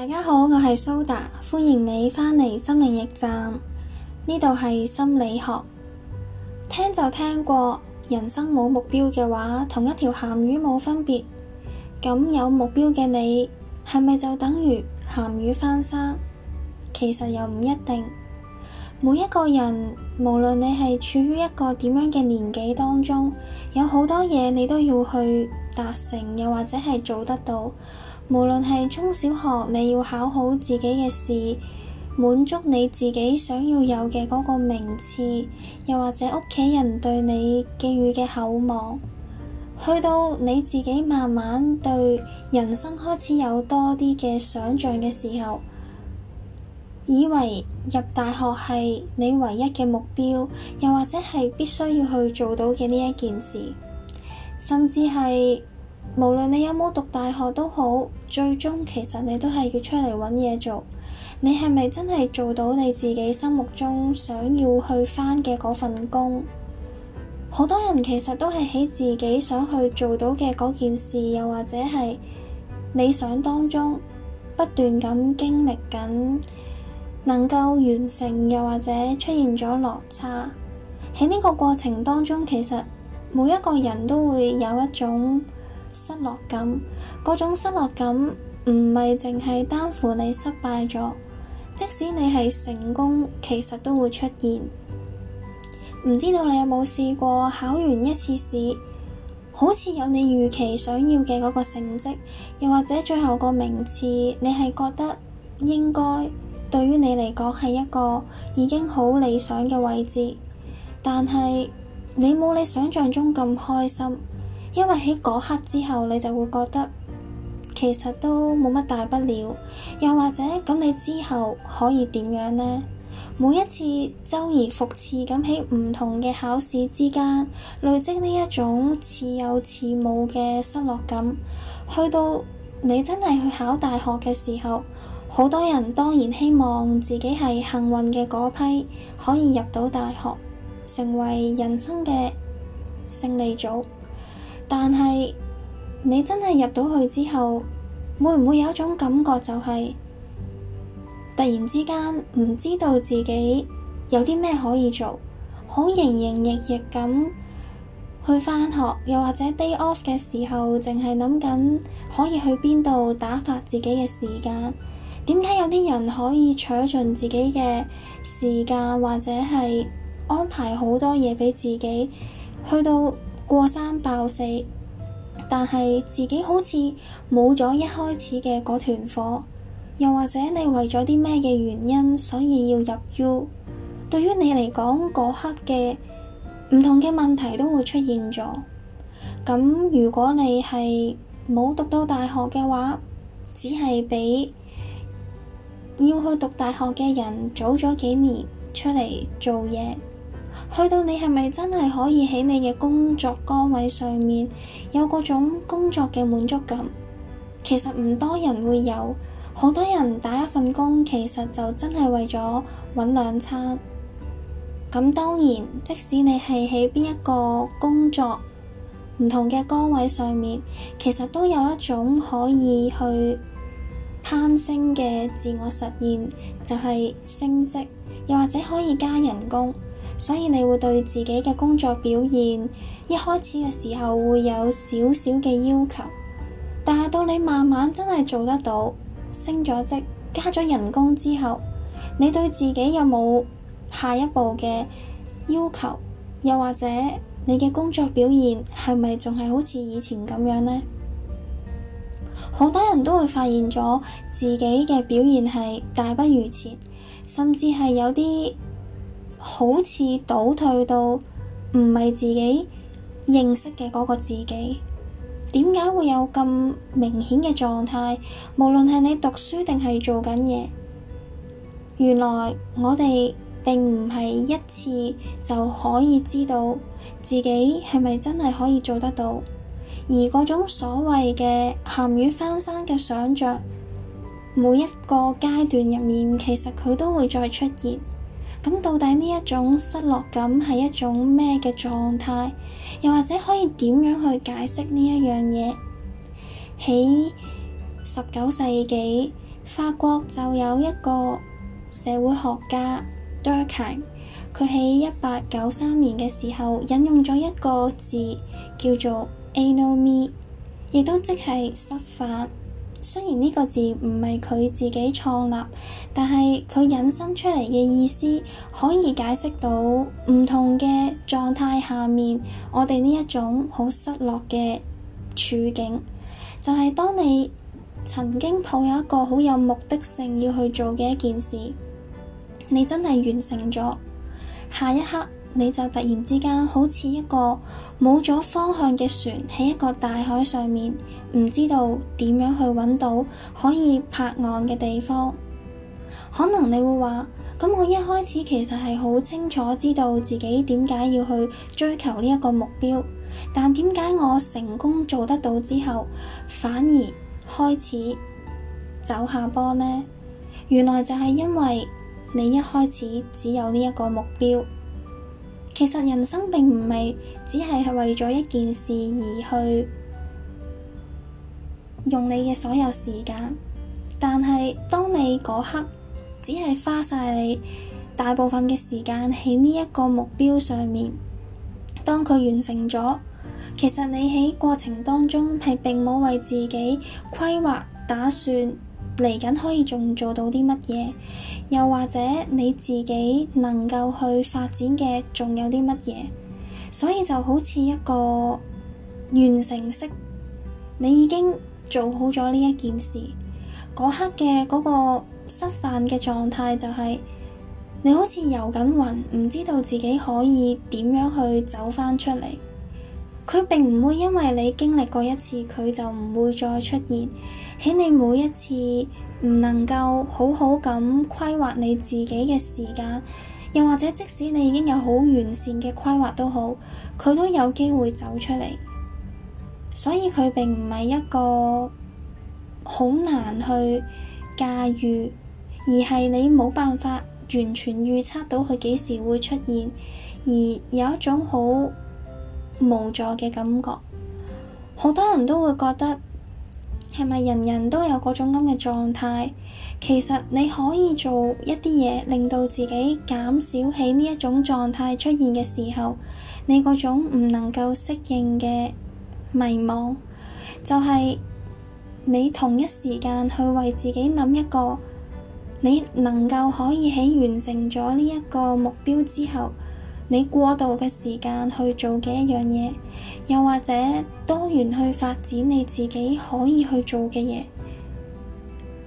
大家好，我係蘇達，歡迎你返嚟心靈驛站。呢度係心理學，聽就聽過，人生冇目標嘅話，同一條鹹魚冇分別。咁有目標嘅你，係咪就等於鹹魚翻生？其實又唔一定。每一個人，無論你係處於一個點樣嘅年紀當中，有好多嘢你都要去達成，又或者係做得到。無論係中小學，你要考好自己嘅試，滿足你自己想要有嘅嗰個名次，又或者屋企人對你寄予嘅厚望，去到你自己慢慢對人生開始有多啲嘅想象嘅時候，以為入大學係你唯一嘅目標，又或者係必須要去做到嘅呢一件事，甚至係。無論你有冇讀大學都好，最終其實你都係要出嚟揾嘢做。你係咪真係做到你自己心目中想要去返嘅嗰份工？好多人其實都係喺自己想去做到嘅嗰件事，又或者係理想當中不斷咁經歷緊，能夠完成，又或者出現咗落差。喺呢個過程當中，其實每一個人都會有一種。失落感，嗰種失落感唔係淨係擔負你失敗咗，即使你係成功，其實都會出現。唔知道你有冇試過考完一次試，好似有你預期想要嘅嗰個成績，又或者最後個名次，你係覺得應該對於你嚟講係一個已經好理想嘅位置，但係你冇你想象中咁開心。因為喺嗰刻之後，你就會覺得其實都冇乜大不了。又或者咁，你之後可以點樣呢？每一次周而復始咁喺唔同嘅考試之間累積呢一種似有似冇嘅失落感，去到你真係去考大學嘅時候，好多人當然希望自己係幸運嘅嗰批，可以入到大學，成為人生嘅勝利組。但係，你真係入到去之後，會唔會有一種感覺，就是，就係突然之間唔知道自己有啲咩可以做，好營營役役咁去返學，又或者 day off 嘅時候，淨係諗緊可以去邊度打發自己嘅時間？點解有啲人可以取盡自己嘅時間，或者係安排好多嘢畀自己去到？過三爆四，但係自己好似冇咗一開始嘅嗰團火，又或者你為咗啲咩嘅原因，所以要入 U。對於你嚟講，嗰刻嘅唔同嘅問題都會出現咗。咁如果你係冇讀到大學嘅話，只係畀要去讀大學嘅人早咗幾年出嚟做嘢。去到你係咪真係可以喺你嘅工作崗位上面有嗰種工作嘅滿足感？其實唔多人會有，好多人打一份工，其實就真係為咗搵兩餐。咁當然，即使你係喺邊一個工作唔同嘅崗位上面，其實都有一種可以去攀升嘅自我實現，就係升職，又或者可以加人工。所以你會對自己嘅工作表現，一開始嘅時候會有少少嘅要求，但係到你慢慢真係做得到，升咗職加咗人工之後，你對自己有冇下一步嘅要求？又或者你嘅工作表現係咪仲係好似以前咁樣呢？好多人都會發現咗自己嘅表現係大不如前，甚至係有啲。好似倒退到唔係自己認識嘅嗰個自己。點解會有咁明顯嘅狀態？無論係你讀書定係做緊嘢，原來我哋並唔係一次就可以知道自己係咪真係可以做得到，而嗰種所謂嘅鹹魚翻身嘅想像，每一個階段入面，其實，佢都會再出現。咁到底呢一種失落感係一種咩嘅狀態？又或者可以點樣去解釋呢一樣嘢？喺十九世紀法國就有一個社會學家 d u r k h i m 佢喺一八九三年嘅時候引用咗一個字叫做 anomie，亦都即係失法。雖然呢個字唔係佢自己創立，但係佢引申出嚟嘅意思可以解釋到唔同嘅狀態下面，我哋呢一種好失落嘅處境，就係、是、當你曾經抱有一個好有目的性要去做嘅一件事，你真係完成咗，下一刻。你就突然之間好似一個冇咗方向嘅船喺一個大海上面，唔知道點樣去揾到可以拍岸嘅地方。可能你會話咁，我一開始其實係好清楚知道自己點解要去追求呢一個目標，但點解我成功做得到之後，反而開始走下坡呢？原來就係因為你一開始只有呢一個目標。其實人生並唔係只係係為咗一件事而去用你嘅所有時間，但係當你嗰刻只係花晒你大部分嘅時間喺呢一個目標上面，當佢完成咗，其實你喺過程當中係並冇為自己規劃打算。嚟緊可以仲做到啲乜嘢？又或者你自己能夠去發展嘅仲有啲乜嘢？所以就好似一個完成式，你已經做好咗呢一件事，嗰刻嘅嗰個失範嘅狀態就係你好似遊緊雲，唔知道自己可以點樣去走翻出嚟。佢並唔會因為你經歷過一次，佢就唔會再出現。喺你每一次唔能夠好好咁規劃你自己嘅時間，又或者即使你已經有好完善嘅規劃都好，佢都有機會走出嚟。所以佢並唔係一個好難去駕馭，而係你冇辦法完全預測到佢幾時會出現，而有一種好無助嘅感覺。好多人都會覺得。係咪人人都有嗰種咁嘅狀態？其實你可以做一啲嘢，令到自己減少喺呢一種狀態出現嘅時候，你嗰種唔能夠適應嘅迷惘，就係你同一時間去為自己諗一個你能夠可以喺完成咗呢一個目標之後。你過度嘅時間去做嘅一樣嘢，又或者多元去發展你自己可以去做嘅嘢，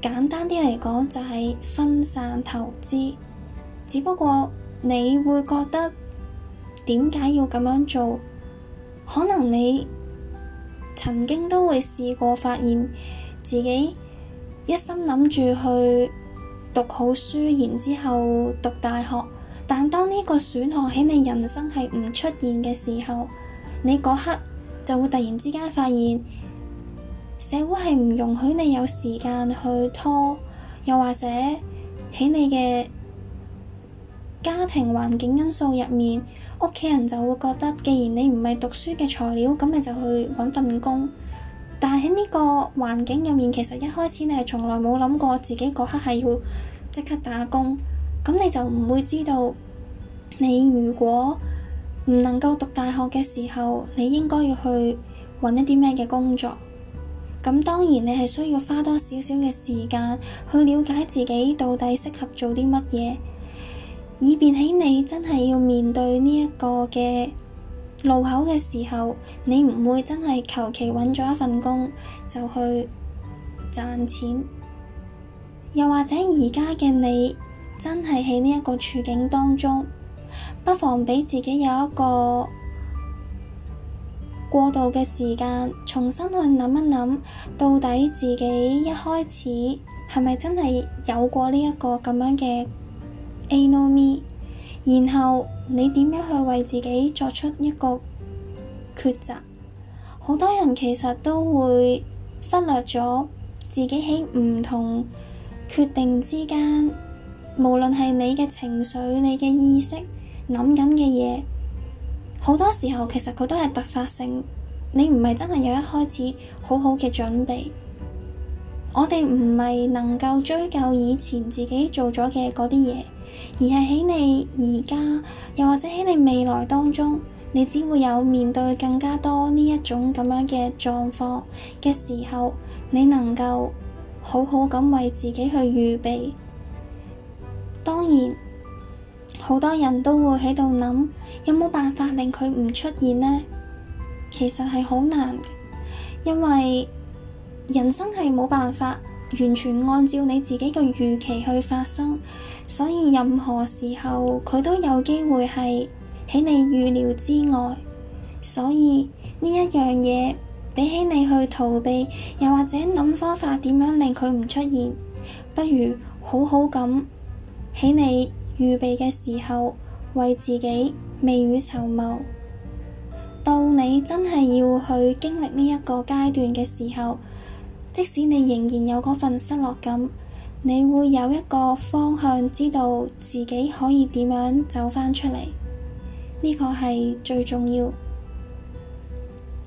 簡單啲嚟講就係分散投資。只不過你會覺得點解要咁樣做？可能你曾經都會試過發現自己一心諗住去讀好書，然之後讀大學。但當呢個選項喺你人生係唔出現嘅時候，你嗰刻就會突然之間發現，社會係唔容許你有時間去拖，又或者喺你嘅家庭環境因素入面，屋企人就會覺得，既然你唔係讀書嘅材料，咁你就去揾份工。但喺呢個環境入面，其實一開始你係從來冇諗過自己嗰刻係要即刻打工，咁你就唔會知道。你如果唔能夠讀大學嘅時候，你應該要去搵一啲咩嘅工作？咁當然你係需要花多少少嘅時間去了解自己到底適合做啲乜嘢，以便喺你真係要面對呢一個嘅路口嘅時候，你唔會真係求其搵咗一份工就去賺錢，又或者而家嘅你真係喺呢一個處境當中。不妨畀自己有一個過渡嘅時間，重新去諗一諗，到底自己一開始係咪真係有過呢一個咁樣嘅 anomie？然後你點樣去為自己作出一個抉擇？好多人其實都會忽略咗自己喺唔同決定之間，無論係你嘅情緒、你嘅意識。諗緊嘅嘢，好多時候其實佢都係突發性，你唔係真係有一開始好好嘅準備。我哋唔係能夠追究以前自己做咗嘅嗰啲嘢，而係喺你而家，又或者喺你未來當中，你只會有面對更加多呢一種咁樣嘅狀況嘅時候，你能夠好好咁為自己去預備。當然。好多人都會喺度諗，有冇辦法令佢唔出現呢？其實係好難，因為人生係冇辦法完全按照你自己嘅預期去發生，所以任何時候，佢都有機會係喺你預料之外。所以呢一樣嘢，比起你去逃避，又或者諗方法點樣令佢唔出現，不如好好咁喺你。預備嘅時候，為自己未雨綢繆。到你真係要去經歷呢一個階段嘅時候，即使你仍然有嗰份失落感，你會有一個方向，知道自己可以點樣走返出嚟。呢個係最重要。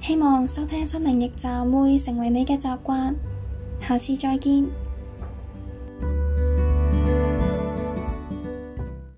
希望收聽心靈驛站會成為你嘅習慣。下次再見。